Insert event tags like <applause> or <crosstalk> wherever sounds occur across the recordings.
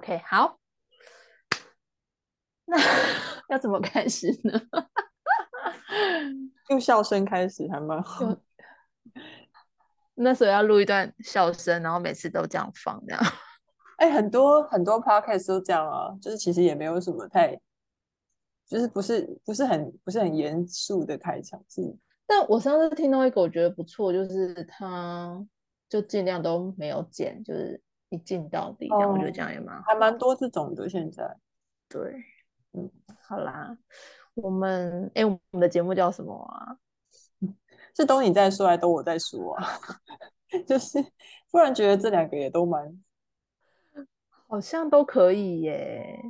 OK，好，那要怎麼開始呢？ <laughs> 用笑聲開始還蠻好。那時候要錄一段笑聲，然後每次都這樣放，這樣。哎、欸，很多很多 podcast 都這樣啊，就是其實也沒有什麼太，就是不是不是很不是很嚴肅的開場，是。但我上次聽到一個我覺得不錯，就是他就儘量都沒有剪，就是。一進到底，哦、我覺得這樣也蠻還蠻多這種的現在。對，嗯，好啦，我們，誒、欸，我們的節目叫什麼啊？是都你在說，還是都我在說、啊？ <laughs> 就是突然覺得這兩個也都蠻，好像都可以耶。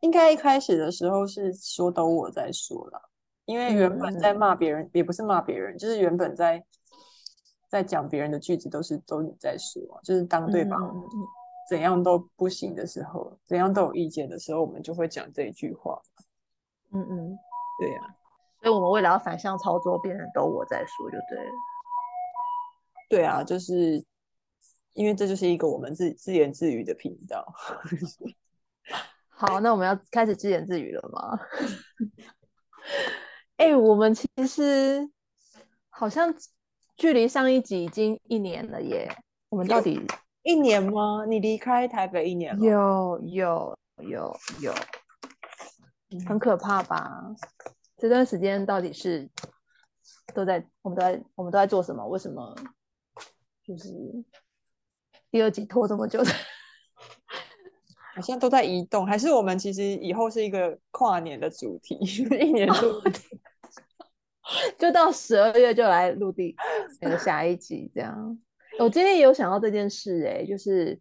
應該一開始的時候是說都我在說了，因為原本在罵別人、嗯，也不是罵別人，就是原本在。在講別人的句子都是都你在說、啊，就是當對方、嗯嗯嗯嗯、怎樣都不行的時候，怎樣都有意見的時候，我們就會講這一句話。嗯嗯，對呀、啊，所以我們為了要反向操作，變成都我在說就對了。對啊，就是因為這就是一個我們自自言自語的頻道。 <laughs> 好，那我們要開始自言自語了嗎？哎、 <laughs> 欸，我們其實好像。距離上一集已經一年了耶！我們到底一年嗎？你離開台北一年了？有有有有，很可怕吧？這段時間到底是都在我們都在我們都在做什麼？為什麼就是第二集拖這麼久的？好像都在移動，還是我們其實以後是一個跨年的主題？一年的主題。 <laughs> <laughs> 就到十二月就來錄第，那個下一集這樣。我今天也有想到這件事哎、欸，就是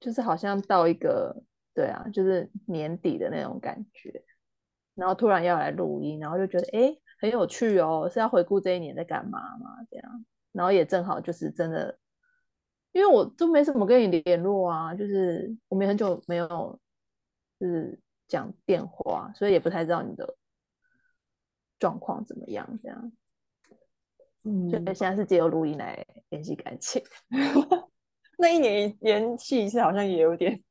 就是好像到一個對啊，就是年底的那種感覺，然後突然要來錄音，然後就覺得哎很有趣哦，是要回顧這一年在幹嘛嘛這樣。然後也正好就是真的，因為我都沒什麼跟你聯絡啊，就是我們很久沒有就是講電話，所以也不太知道你的。狀況怎麼樣？這樣，嗯，所以現在是藉由錄音來聯繫感情。 <laughs> 那一年延一是好像也有點，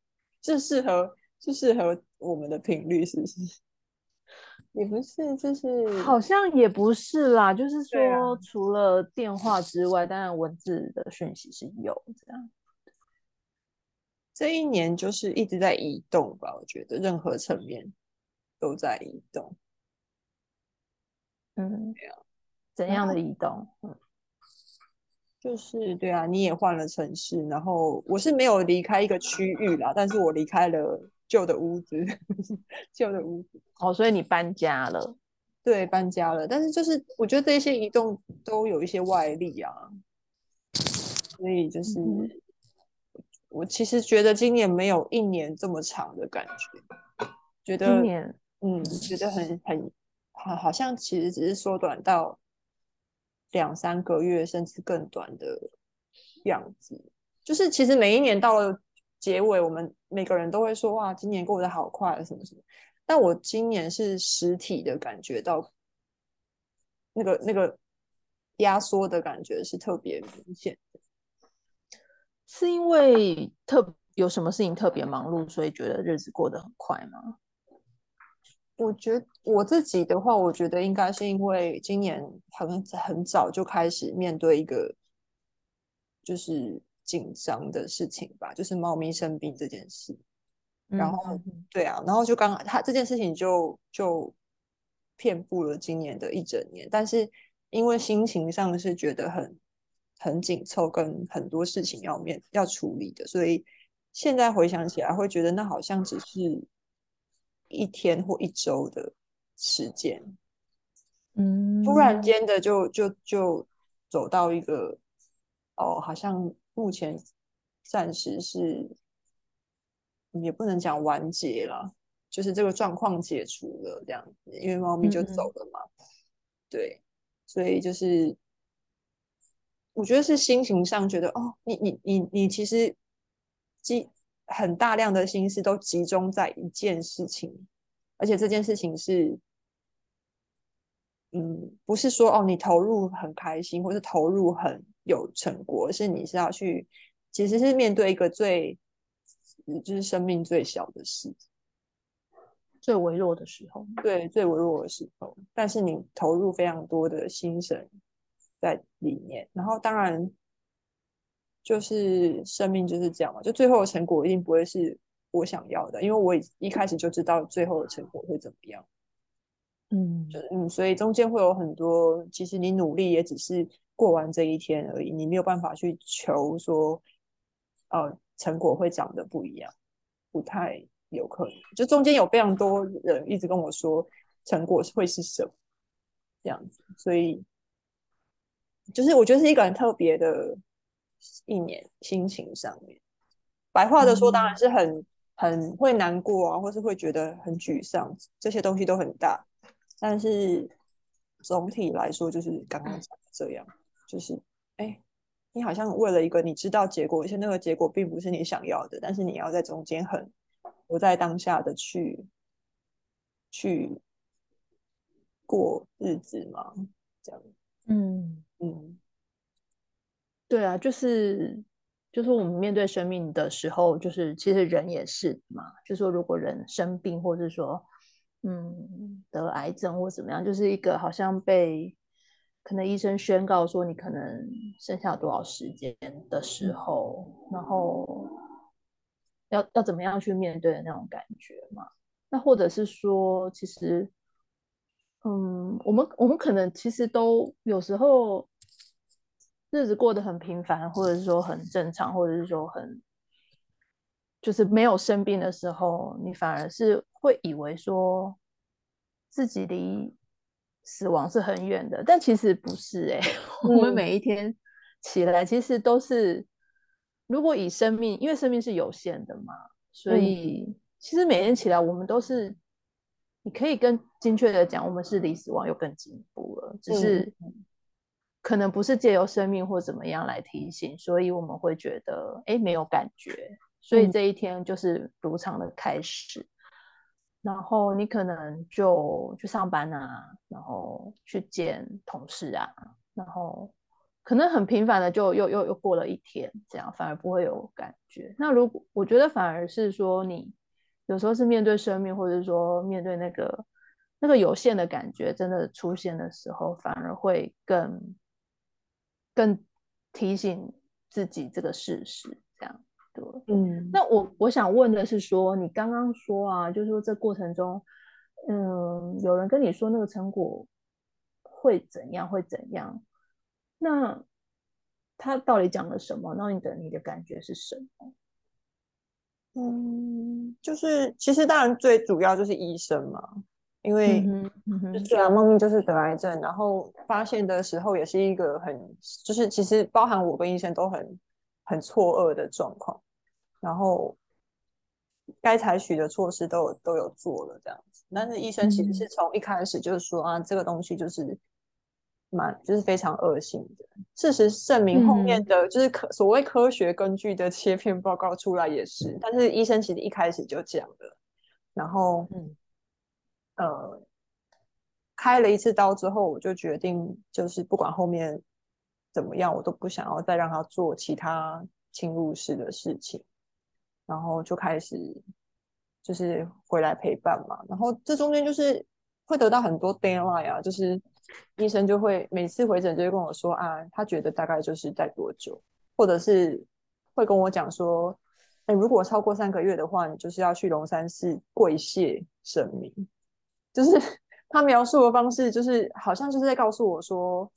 就適合就適合我們的頻率，是不是？也不是，就是好像也不是啦。就是說、啊，除了電話之外，當然文字的訊息是有這樣。這一年就是一直在移動吧？我覺得任何層面都在移動。嗯，沒有，怎樣的移動？嗯，就是對啊，你也換了城市，然後我是沒有離開一個區域啦，但是我離開了舊的屋子，舊 <laughs> 的屋子。哦，所以你搬家了？對，搬家了。但是就是，我覺得這些移動都有一些外力啊，所以就是，嗯、我其實覺得今年沒有一年這麼長的感覺，覺得，一年嗯，覺得很很。好像其實只是縮短到兩三個月，甚至更短的樣子。就是其實每一年到了結尾，我們每個人都會說：“哇，今年過得好快啊，什麼什麼。”但我今年是實體的感覺到那個那個壓縮的感覺是特別明顯，是因為特有什麼事情特別忙碌，所以覺得日子過得很快嗎？我覺我自己的話，我覺得應該是因為今年很很早就開始面對一個就是緊張的事情吧，就是貓咪生病這件事。然後、嗯、對啊，然後就剛他這件事情就就遍布了今年的一整年。但是因為心情上是覺得很很緊湊，跟很多事情要面要處理的，所以現在回想起來會覺得那好像只是。一天或一週的時間，嗯，突然間的就就就走到一個哦，好像目前暫時是、嗯、也不能講完結了，就是這個狀況解除了這樣子，因為貓咪就走了嘛、嗯，對，所以就是我覺得是心情上覺得哦，你你你你其實基很大量的心思都集中在一件事情，而且這件事情是，嗯，不是說哦，你投入很開心，或是投入很有成果，是你是要去，其實是面對一個最，就是生命最小的事，最微弱的時候，對，最微弱的時候，但是你投入非常多的心神在裡面，然後當然。就是生命就是這樣嘛，就最後的成果一定不會是我想要的，因為我一一開始就知道最後的成果會怎麼樣。嗯，就嗯，所以中間會有很多，其實你努力也只是過完這一天而已，你沒有辦法去求說，呃，成果會長得不一樣，不太有可能。就中間有非常多人一直跟我說，成果會是什麼這樣子，所以就是我覺得是一個很特別的。一年心情上面，白話的說，當然是很、嗯、很會難過啊，或是會覺得很沮喪，這些東西都很大。但是總體來說，就是剛剛講的這樣，就是哎、欸，你好像為了一個你知道的結果，而且那個結果並不是你想要的，但是你要在中間很活在當下的去去過日子嗎？這樣，嗯嗯。對啊，就是就是我們面對生命的時候，就是其實人也是嘛。就是說如果人生病，或者是說，嗯，得癌症或怎麼樣，就是一個好像被可能醫生宣告說你可能剩下多少時間的時候，然後要要怎麼樣去面對的那種感覺嘛。那或者是說，其實，嗯，我們我們可能其實都有時候。日子過得很平凡，或者是說很正常，或者是說很，就是沒有生病的時候，你反而是會以為說，自己離死亡是很遠的，但其實不是哎、欸嗯。我們每一天起來，其實都是，如果以生命，因為生命是有限的嘛，所以、嗯、其實每天起來，我們都是，你可以更精確的講，我們是離死亡又更進一步了，只是。嗯可能不是借由生命或怎麼樣來提醒，所以我們會覺得，哎，沒有感覺，所以這一天就是如常的開始。嗯。然後你可能就去上班啊，然後去見同事啊，然後可能很平凡的就又又又過了一天，這樣反而不會有感覺。那如果我覺得反而是說你，你有時候是面對生命，或者說面對那個那個有限的感覺，真的出現的時候，反而會更。更提醒自己這個事實，這樣對，對。嗯，那我我想問的是說，說你剛剛說啊，就是說這過程中，嗯，有人跟你說那個成果會怎樣，會怎樣？那他到底講了什麼？那你的你的感覺是什麼？嗯，就是其實當然最主要就是醫生嘛。因為雖然後面就是得癌症，然後發現的時候也是一個很，就是其實包含我跟醫生都很很錯愕的狀況，然後該採取的措施都有都有做了這樣子，但是醫生其實是從一開始就是說啊、嗯，這個東西就是蠻就是非常惡性的，事實證明後面的就是科所謂科學根據的切片報告出來也是，嗯、但是醫生其實一開始就講了，然後嗯。呃，開了一次刀之後，我就決定，就是不管後面怎麼樣，我都不想要再讓他做其他侵入式的事情，然後就開始就是回來陪伴嘛。然後這中間就是會得到很多 deadline 啊，就是醫生就會每次回診就會跟我說啊，他覺得大概就是在多久，或者是會跟我講說，哎、欸，如果超過三個月的話，你就是要去龍山寺跪謝神明。就是他描述的方式，就是好像就是在告訴我說，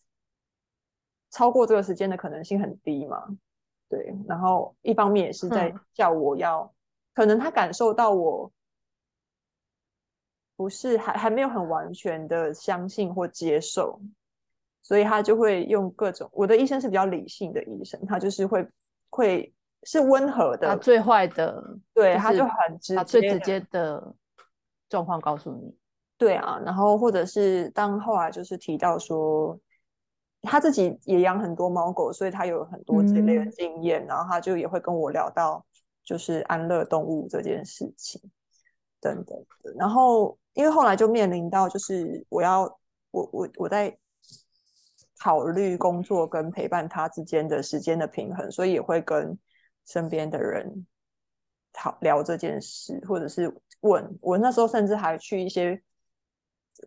超過這個時間的可能性很低嘛。對，然後一方面也是在叫我要，嗯，可能他感受到我不是還還沒有很完全的相信或接受，所以他就會用各種，我的醫生是比較理性的醫生，他就是會會是溫和的，他最壞的，對，就是，他就很直接，他最直接的狀況告訴你。對啊，然後或者是當後來就是提到說他自己也養很多貓狗，所以他有很多這類的經驗，嗯、然後他就也會跟我聊到就是安樂動物這件事情等等。然後因為後來就面臨到就是我要我我我在考慮工作跟陪伴他之間的時間的平衡，所以也會跟身邊的人討聊這件事，或者是問我那時候甚至還去一些。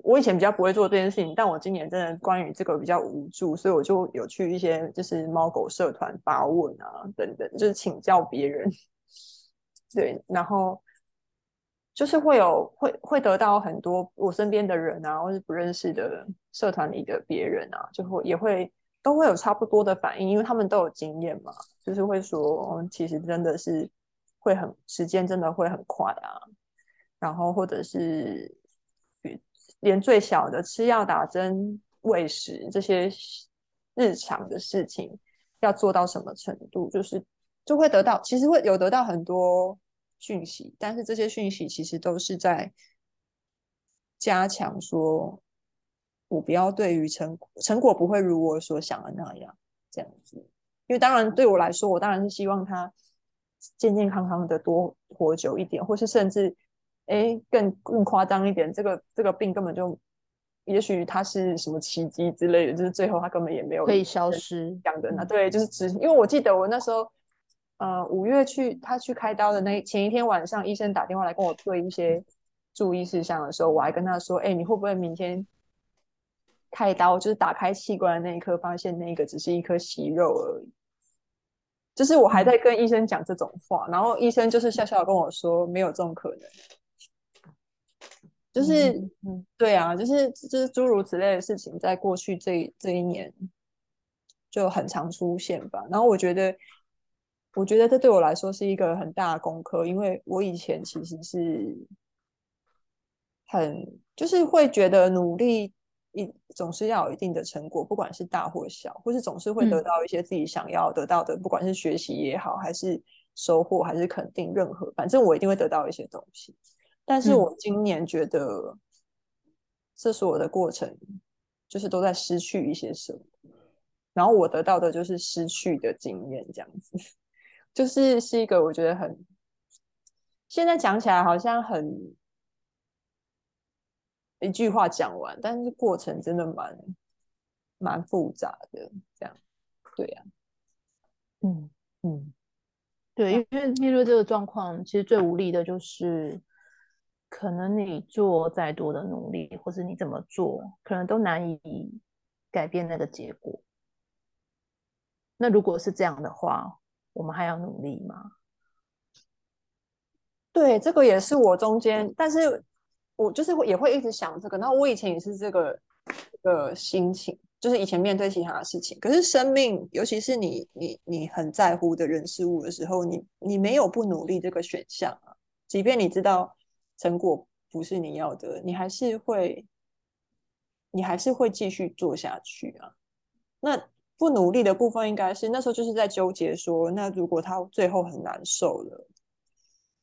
我以前比較不會做這件事情，但我今年真的關於這個比較無助，所以我就有去一些就是貓狗社團發問啊，等等，就是請教別人。對，然後就是會有會會得到很多我身邊的人啊，或是不認識的社團裡的別人啊，就會也會都會有差不多的反應，因為他們都有經驗嘛，就是會說，哦，其實真的是會很，時間真的會很快啊，然後或者是。連最小的吃藥、打針、餵食這些日常的事情，要做到什麼程度，就是就會得到，其實會有得到很多訊息，但是這些訊息其實都是在加強說，我不要對於成果，成果不會如我所想的那樣這樣子，因為當然對我來說，我當然是希望他健健康康的多活久一點，或是甚至。哎，更更誇張一點，這個這個病根本就，也許他是什麼奇跡之類的，就是最後他根本也沒有以可以消失的、嗯、對，就是只因為我記得我那時候，呃，五月去他去開刀的那前一天晚上，醫生打電話來跟我推一些注意事項的時候，我還跟他說：“哎，你會不會明天開刀？就是打開器官的那一刻，發現那個只是一顆息肉而已。”就是我還在跟醫生講這種話，嗯、然後醫生就是笑笑跟我說：“沒有這種可能。”就是、嗯，對啊，就是就是諸如此類的事情，在過去這這一年就很常出現吧。然後我覺得，我覺得這對我來說是一個很大的功課，因為我以前其實是很就是會覺得努力一總是要有一定的成果，不管是大或小，或是總是會得到一些自己想要得到的，嗯、不管是學習也好，還是收穫，還是肯定任何，反正我一定會得到一些東西。但是我今年覺得，這是我的過程，就是都在失去一些什麼，然後我得到的就是失去的經驗，這樣子，就是是一個我覺得很，現在講起來好像很一句話講完，但是過程真的蠻蠻複雜的，這樣。對啊，嗯，對呀，嗯嗯，對，因為面對這個狀況，其實最無力的就是。可能你做再多的努力，或是你怎麼做，可能都難以改變那個結果。那如果是這樣的話，我們還要努力嗎？對，這個也是我中間，但是我就是也會一直想這個。那我以前也是這個的、這個心情，就是以前面對其他的事情。可是生命，尤其是你你你很在乎的人事物的時候，你你沒有不努力這個選項啊。即便你知道。成果不是你要的，你還是會，你還是會繼續做下去啊。那不努力的部分，應該是那時候就是在糾結說，那如果他最後很難受了，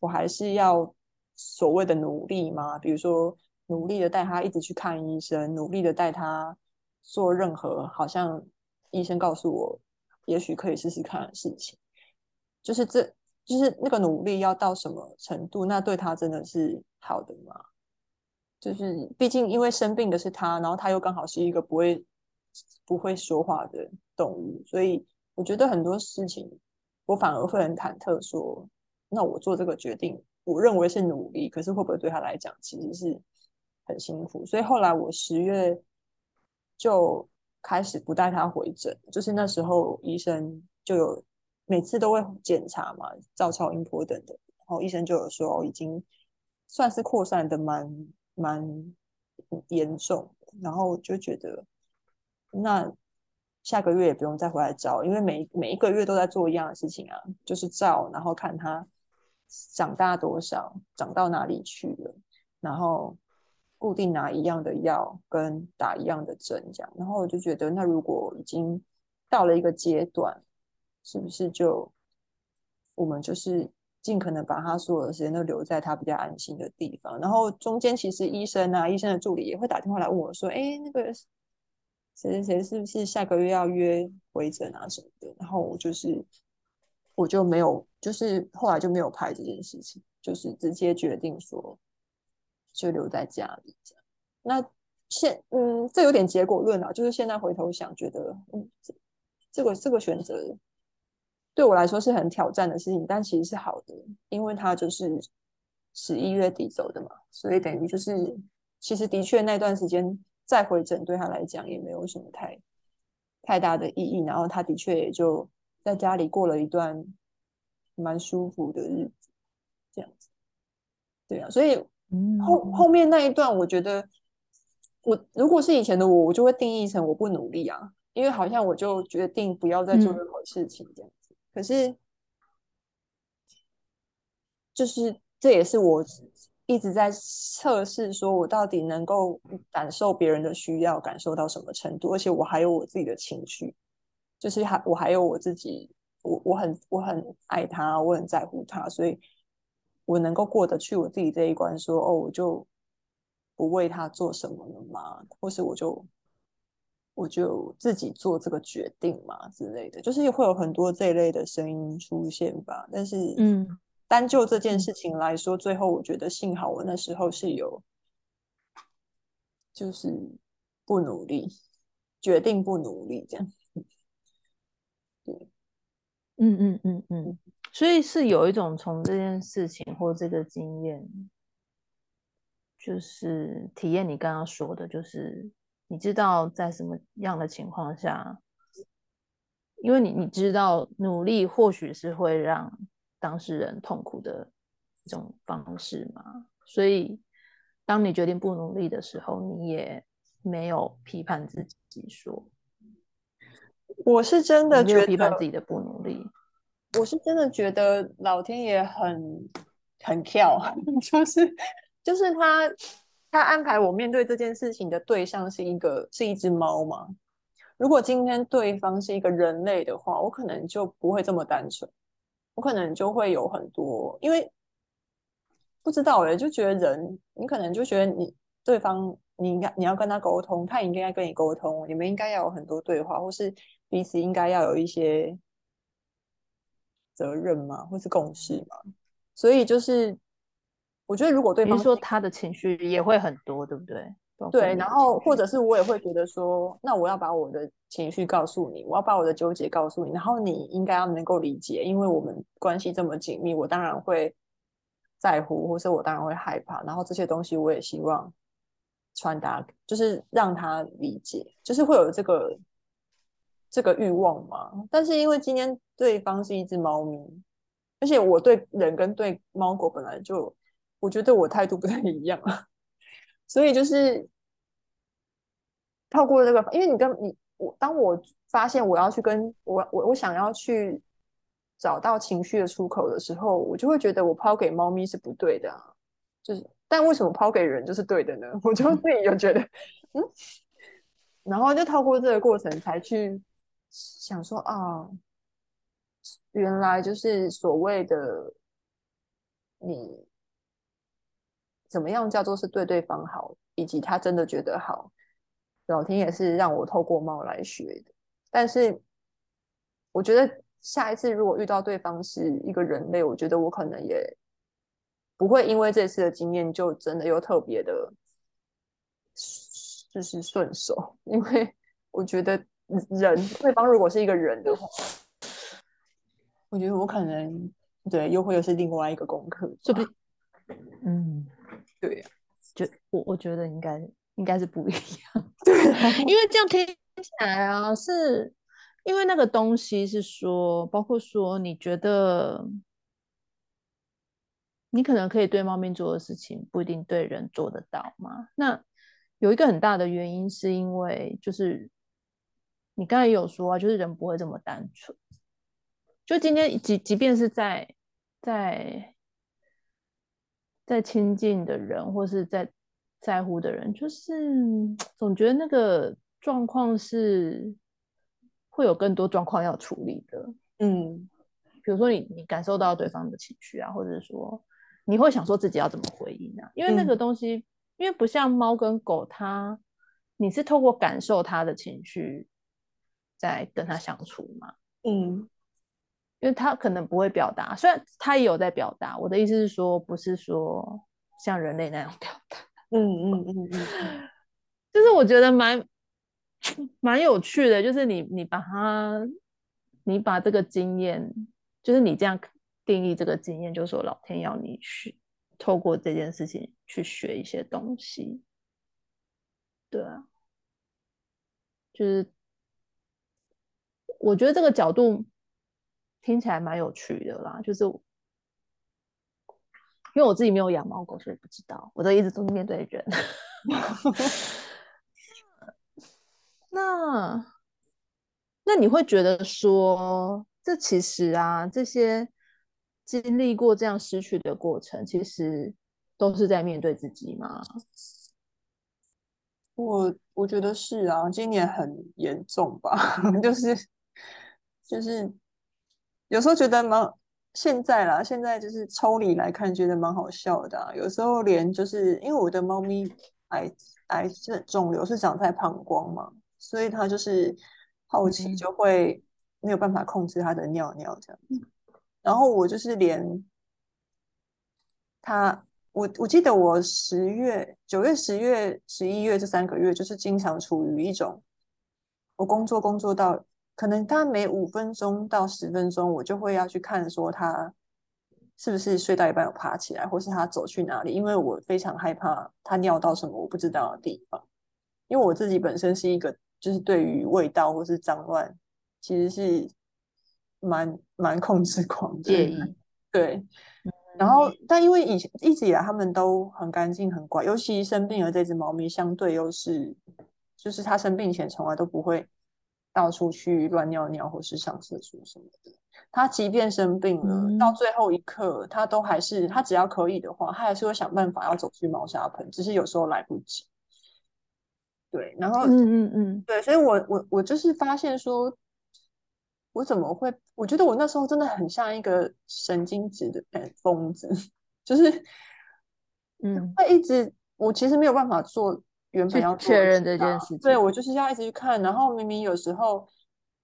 我還是要所謂的努力嗎？比如說，努力的帶他一直去看醫生，努力的帶他做任何好像醫生告訴我也許可以試試看的事情，就是這。就是那個努力要到什麼程度，那對他真的是好的嗎？就是畢竟因為生病的是他，然後他又剛好是一個不會不會說話的動物，所以我覺得很多事情，我反而會很忐忑說，說那我做這個決定，我認為是努力，可是會不會對他來講，其實是很辛苦？所以後來我十月就開始不帶他回診，就是那時候醫生就有。每次都會檢查嘛，照超音波等的，然後醫生就有說已經算是擴散的蠻蠻嚴重，然後就覺得那下個月也不用再回來照，因為每每一個月都在做一樣的事情啊，就是照，然後看他長大多少，長到哪裡去了，然後固定拿一樣的藥跟打一樣的針這樣，然後我就覺得那如果已經到了一個階段。是不是就我們就是盡可能把他所有的時間都留在他比較安心的地方，然後中間其實醫生啊，醫生的助理也會打電話來問我說：“哎，那個誰誰誰是不是下個月要約回診啊什麼的？”然後我就是我就沒有，就是後來就沒有排這件事情，就是直接決定說就留在家裡。那現嗯，這有點結果論啊，就是現在回頭想覺得嗯，這個這個選擇。對我來說是很挑戰的事情，但其實是好的，因為他就是十一月底走的嘛，所以等於就是其實的確那段時間再回診對他來講也沒有什麼太太大的意義，然後他的確也就在家裡過了一段蠻舒服的日子，這樣子，對啊，所以後、嗯、後面那一段我覺得我如果是以前的我，我就會定義成我不努力啊，因為好像我就決定不要再做任何事情這樣子。嗯可是，就是這也是我一直在測試，說我到底能夠感受別人的需要，感受到什麼程度？而且我還有我自己的情緒，就是還我還有我自己，我我很我很愛他，我很在乎他，所以我能夠過得去我自己這一關說，說哦，我就不為他做什麼了嗎？或是我就。我就自己做這個決定嘛之類的，就是會有很多這類的聲音出現吧。但是，嗯，單就這件事情來說，嗯，最後我覺得幸好我那時候是有，就是不努力，決定不努力這樣。對，嗯嗯嗯嗯，所以是有一種從這件事情或這個經驗，就是體驗你剛剛說的，就是。你知道在什麼樣的情況下，因為你你知道努力或許是會讓當事人痛苦的一種方式嘛，所以當你決定不努力的時候，你也沒有批判自己說，我是真的覺得沒有批判自己的不努力，我是真的覺得老天爺很很跳， <laughs> 就是就是他。他安排我面對這件事情的對象是一個是一隻貓嗎？如果今天對方是一個人類的話，我可能就不會這麼單純，我可能就會有很多，因為不知道哎，就覺得人，你可能就覺得你對方，你應該你要跟他溝通，他應該跟你溝通，你們應該要有很多對話，或是彼此應該要有一些責任嗎，或是共識嗎？所以就是。我覺得，如果對方說他的情緒也會很多，對不對？對，然後或者是我也會覺得說，那我要把我的情緒告訴你，我要把我的糾結告訴你，然後你應該要能夠理解，因為我們關係這麼緊密，我當然會在乎，或是我當然會害怕，然後這些東西我也希望傳達，就是讓他理解，就是會有這個這個欲望嘛。但是因為今天對方是一隻貓咪，而且我對人跟對貓狗本來就。我覺得我態度不太一樣，所以就是透過這個，因為你跟你我，當我發現我要去跟我我我想要去找到情緒的出口的時候，我就會覺得我拋給貓咪是不對的，就是，但為什麼拋給人就是對的呢？我就自己就覺得， <laughs> 嗯，然後就透過這個過程才去想說啊，原來就是所謂的你。怎麼樣叫做是對對方好，以及他真的覺得好？老天也是讓我透過貓來學的。但是我覺得下一次如果遇到對方是一個人類，我覺得我可能也不會因為這次的經驗就真的又特別的，就是順手。因為我覺得人對方如果是一個人的話，我覺得我可能對又會又是另外一個功課，嗯。對呀、啊，就我我覺得應該應該是不一樣，對啊、 <laughs> 因為這樣聽起來啊，是因為那個東西是說，包括說你覺得，你可能可以對貓咪做的事情，不一定對人做得到嘛。那有一個很大的原因，是因為就是你剛才有說啊，就是人不會這麼單純，就今天即即便是在在。在親近的人，或是在在乎的人，就是總覺得那個狀況是會有更多狀況要處理的。嗯，比如說你你感受到對方的情緒啊，或者說你會想說自己要怎麼回應啊，因為那個東西，嗯、因為不像貓跟狗，它你是透過感受它的情緒在跟它相處嘛。嗯。因為他可能不會表達，雖然他也有在表達。我的意思是說，不是說像人類那樣表達。嗯嗯嗯嗯， <laughs> 就是我覺得蠻蠻有趣的，就是你你把他，你把這個經驗，就是你這樣定義這個經驗，就是說老天要你去透過這件事情去學一些東西。對啊，就是我覺得這個角度。聽起來蠻有趣的啦，就是因為我自己沒有養貓狗，所以不知道。我都一直都是面對人。 <laughs> <laughs> 那那你會覺得說，這其實啊，這些經歷過這樣失去的過程，其實都是在面對自己嗎？我我覺得是啊，今年很嚴重吧，就 <laughs> 是就是。就是有時候覺得蠻，現在啦，現在就是抽離來看，覺得蠻好笑的、啊。有時候連就是因為我的貓咪癌癌症腫瘤是長在膀胱嘛，所以它就是後期就會沒有辦法控制它的尿尿這樣、嗯、然後我就是連它，我我記得我十月、九月、十月、十一月這三個月，就是經常處於一種我工作工作到。可能他每五分鐘到十分鐘，我就會要去看，說他是不是睡到一半有爬起來，或是他走去哪裡？因為我非常害怕他尿到什麼我不知道的地方。因為我自己本身是一個，就是對於味道或是髒亂，其實是蠻蠻控制狂的、介意。嗯。對，然後但因為以前一直以來他們都很乾淨很乖，尤其生病了這隻貓咪，相對又是就是他生病前從來都不會。到處去亂尿尿，或是上廁所什麼的。他即便生病了，嗯、到最後一刻，他都還是他只要可以的話，他還是會想辦法要走去貓砂盆，只是有時候來不及。對，然後嗯嗯嗯，對，所以我我我就是發現說，我怎麼會？我覺得我那時候真的很像一個神經質的瘋子，就是嗯，會一直我其實沒有辦法做。原本要確認這件事情，對，我就是要一直去看。然後明明有時候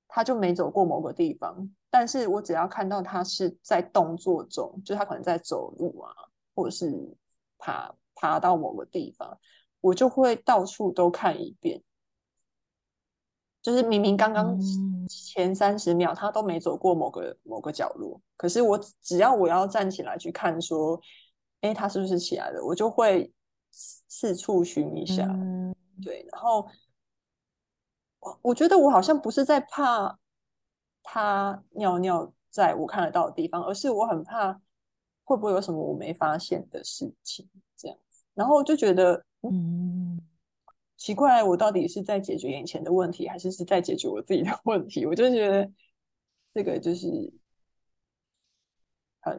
他就沒走過某個地方，但是我只要看到他是在動作中，就是他可能在走路啊，或者是爬爬到某個地方，我就會到處都看一遍。就是明明剛剛前三十秒他都沒走過某個某個角落，可是我只要我要站起來去看，說，哎、欸，他是不是起來了？我就會。四處尋一下、嗯，對，然後我，我覺得我好像不是在怕他尿尿在我看得到的地方，而是我很怕會不會有什麼我沒發現的事情這樣子，然後就覺得嗯，奇怪，我到底是在解決眼前的問題，還是是在解決我自己的問題？我就覺得這個就是很，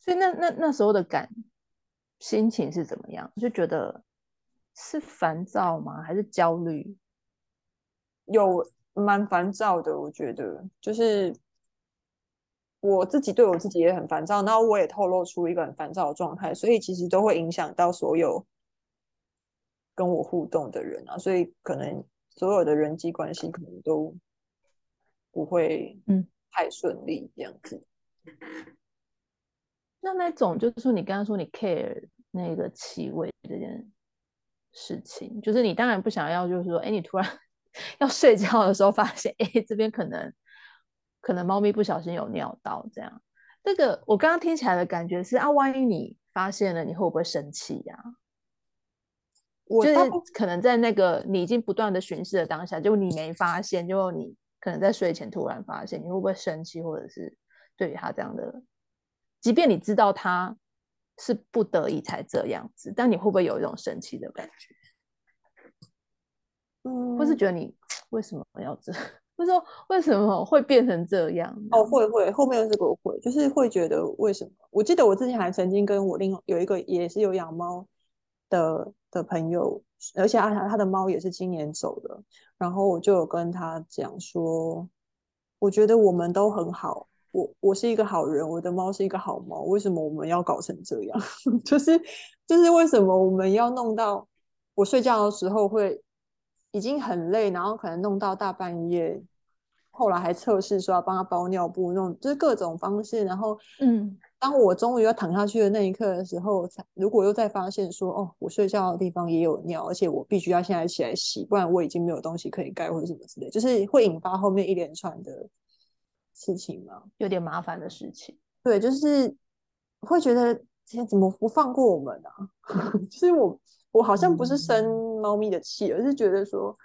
所以那那那時候的感。心情是怎麼樣？就覺得是煩躁嗎？還是焦慮？有蠻煩躁的，我覺得，就是我自己對我自己也很煩躁，然後我也透露出一個很煩躁的狀態，所以其實都會影響到所有跟我互動的人啊，所以可能所有的人際關係可能都不會太順利這樣子。嗯那那種就是說，你剛剛說你 care 那個氣味這件事情，就是你當然不想要，就是說，哎、欸，你突然 <laughs> 要睡覺的時候，發現，哎、欸，這邊可能可能貓咪不小心有尿到這樣。這個我剛剛聽起來的感覺是啊，萬一你發現了，你會不會生氣呀？、啊？我就是可能在那個你已經不斷的巡視的當下，就你沒發現，就你可能在睡前突然發現，你會不會生氣，或者是對於他這樣的？即便你知道他是不得已才這樣子，但你會不會有一種神奇的感覺？嗯，或是覺得你為什麼要這？或是說為什麼會變成這樣？哦，會會後面又是個我會，就是會覺得為什麼？我記得我之前還曾經跟我另有一個也是有養貓的的朋友，而且他他的貓也是今年走的，然後我就有跟他講說，我覺得我們都很好。我我是一個好人，我的貓是一個好貓，為什麼我們要搞成這樣？ <laughs> 就是就是為什麼我們要弄到我睡覺的時候會已經很累，然後可能弄到大半夜，後來還測試說要幫他包尿布，弄就是各種方式，然後嗯，當我終於要躺下去的那一刻的時候，才如果又再發現說哦，我睡覺的地方也有尿，而且我必須要現在起來洗，不然我已經沒有東西可以蓋或者什麼之類的，就是會引發後面一連串的。事情嗎？有點麻煩的事情。對，就是會覺得今天怎麼不放過我們呢？啊？其 <laughs> 實我我好像不是生貓咪的氣，嗯，而是覺得說，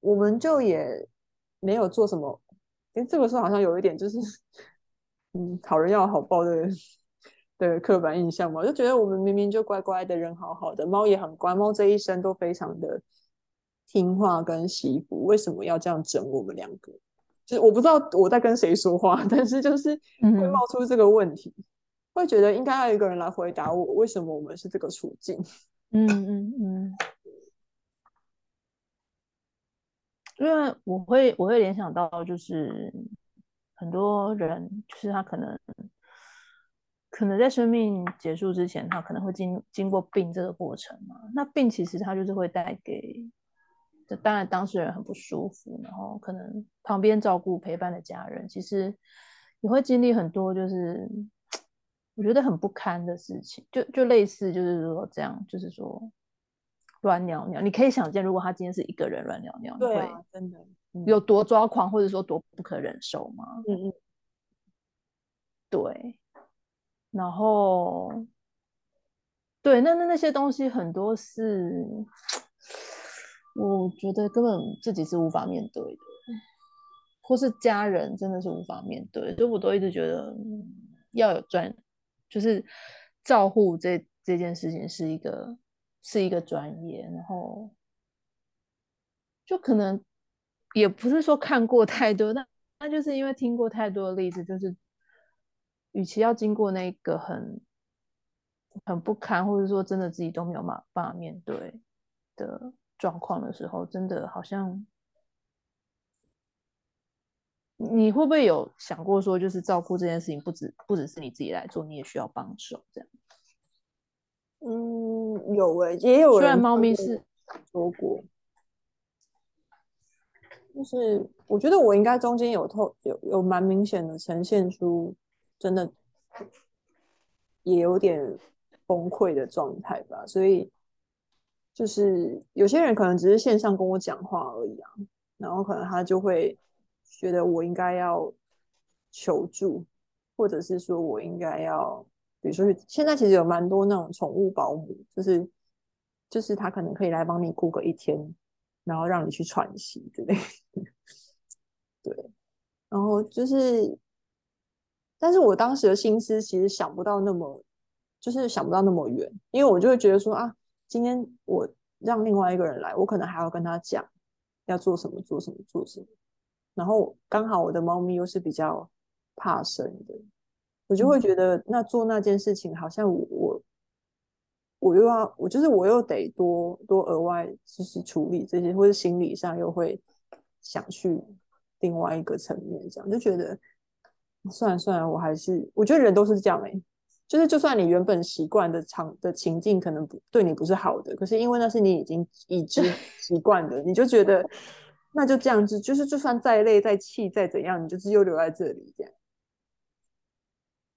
我們就也沒有做什麼。哎，這個時候好像有一點就是，嗯，好人要好報的，的刻板印象嘛，就覺得我們明明就乖乖的人，好好的，貓也很乖，貓這一生都非常的聽話跟習服，為什麼要這樣整我們兩個？就是、我不知道我在跟誰說話，但是就是會冒出這個問題，嗯、會覺得應該要一個人來回答我，為什麼我們是這個處境？嗯嗯嗯，因為我會我會聯想到，就是很多人，就是他可能可能在生命結束之前，他可能會經經過病這個過程嘛，那病其實他就是會帶給。當然，當事人很不舒服，然後可能旁邊照顧陪伴的家人，其實也會經歷很多，就是我覺得很不堪的事情。就就類似，就是說這樣，就是說亂尿尿，你可以想見，如果他今天是一個人亂尿尿，對啊，真的有多抓狂，嗯，或者說多不可忍受嗎？嗯嗯，對，然後對，那那那些東西很多是。我覺得根本自己是無法面對的，或是家人真的是無法面對，所以我都一直覺得，嗯，要有專，就是照護這這件事情是一個是一個專業，然後就可能也不是說看過太多，那那就是因為聽過太多的例子，就是與其要經過那個很很不堪，或者說真的自己都沒有辦法面對的。狀況的時候，真的好像，你會不會有想過說，就是照顧這件事情不止不只是你自己來做，你也需要幫手這樣？嗯，有誒、欸，也有，雖然貓咪是說過，就是我覺得我應該中間有透有有蠻明顯的呈現出，真的也有點崩潰的狀態吧，所以。就是有些人可能只是線上跟我講話而已啊，然後可能他就會覺得我應該要求助，或者是說我應該要，比如說現在其實有蠻多那種寵物保姆，就是就是他可能可以來幫你顧個一天，然後讓你去喘息之類。對，然後就是，但是我當時的心思其實想不到那麼，就是想不到那麼遠，因為我就會覺得說啊。今天我讓另外一個人來，我可能還要跟他講要做什麼，做什麼，做什麼。然後剛好我的貓咪又是比較怕生的，我就會覺得那做那件事情好像我、嗯、我我又要我就是我又得多多額外就是處理這些，或者心理上又會想去另外一個層面，這樣就覺得算了算了，我還是我覺得人都是這樣的、欸。就是，就算你原本習慣的場的情境，可能不對你不是好的，可是因為那是你已經已經習慣的，你就覺得那就這樣子，就是就算再累、再氣、再怎樣，你就是又留在這裡這樣。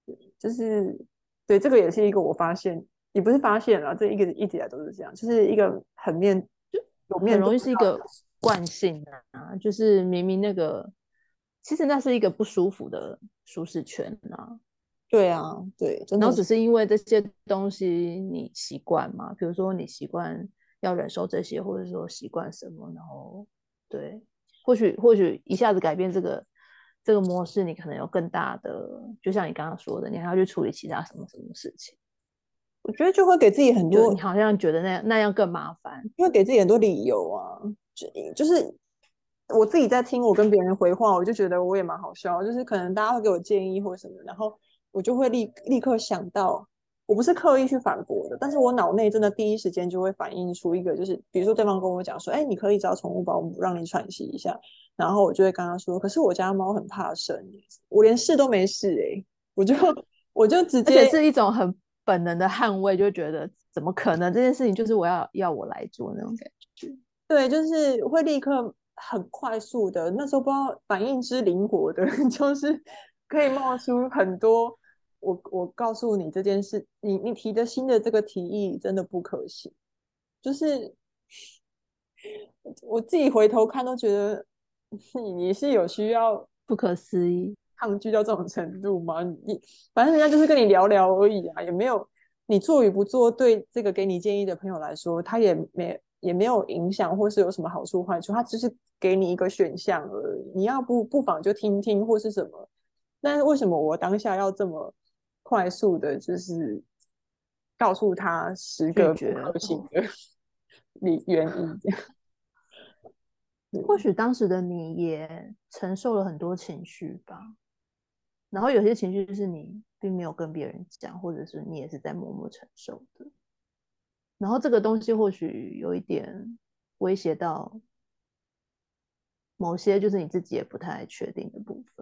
對，就是對，這個也是一個我發現，也不是發現了，這一個一直來都是這樣，就是一個很面就有面，容易是一個慣性的啊， <laughs> 就是明明那個其實那是一個不舒服的舒適圈啊。對啊，對，真的，然後只是因為這些東西你習慣嘛，比如說你習慣要忍受這些，或者說習慣什麼，然後對，或許或許一下子改變這個這個模式，你可能有更大的，就像你剛剛說的，你還要去處理其他什麼什麼事情。我覺得就會給自己很多，你好像覺得那那樣更麻煩，因為給自己很多理由啊，就就是我自己在聽我跟別人回話，我就覺得我也蠻好笑，就是可能大家會給我建議或者什麼，然後。我就會立立刻想到，我不是刻意去反駁的，但是我腦內真的第一時間就會反映出一個，就是比如說對方跟我講說，哎、欸，你可以找寵物保姆讓你喘息一下，然後我就會跟他說，可是我家貓很怕生，我連試都沒試哎、欸，我就我就直接，而且是一種很本能的捍衛，就覺得怎麼可能這件事情就是我要要我來做那種感覺， <laughs> 對，就是會立刻很快速的，那時候不知道反應之靈活的，就是可以冒出很多。 <laughs> 我我告訴你這件事，你你提的新的這個提議真的不可行。就是我自己回頭看都覺得你，你你是有需要不可思議抗拒到這種程度嗎？你反正人家就是跟你聊聊而已啊，也沒有你做與不做，對這個給你建議的朋友來說，他也沒也沒有影響，或是有什麼好處壞處，他只是給你一個選項而已。你要不不妨就聽聽或是什麼？但為什麼我當下要這麼？快速的，就是告訴他十個不可行的你原因。 <laughs> 或許當時的你也承受了很多情緒吧，然後有些情緒是你並沒有跟別人講，或者是你也是在默默承受的。然後這個東西或許有一點威脅到某些，就是你自己也不太確定的部分。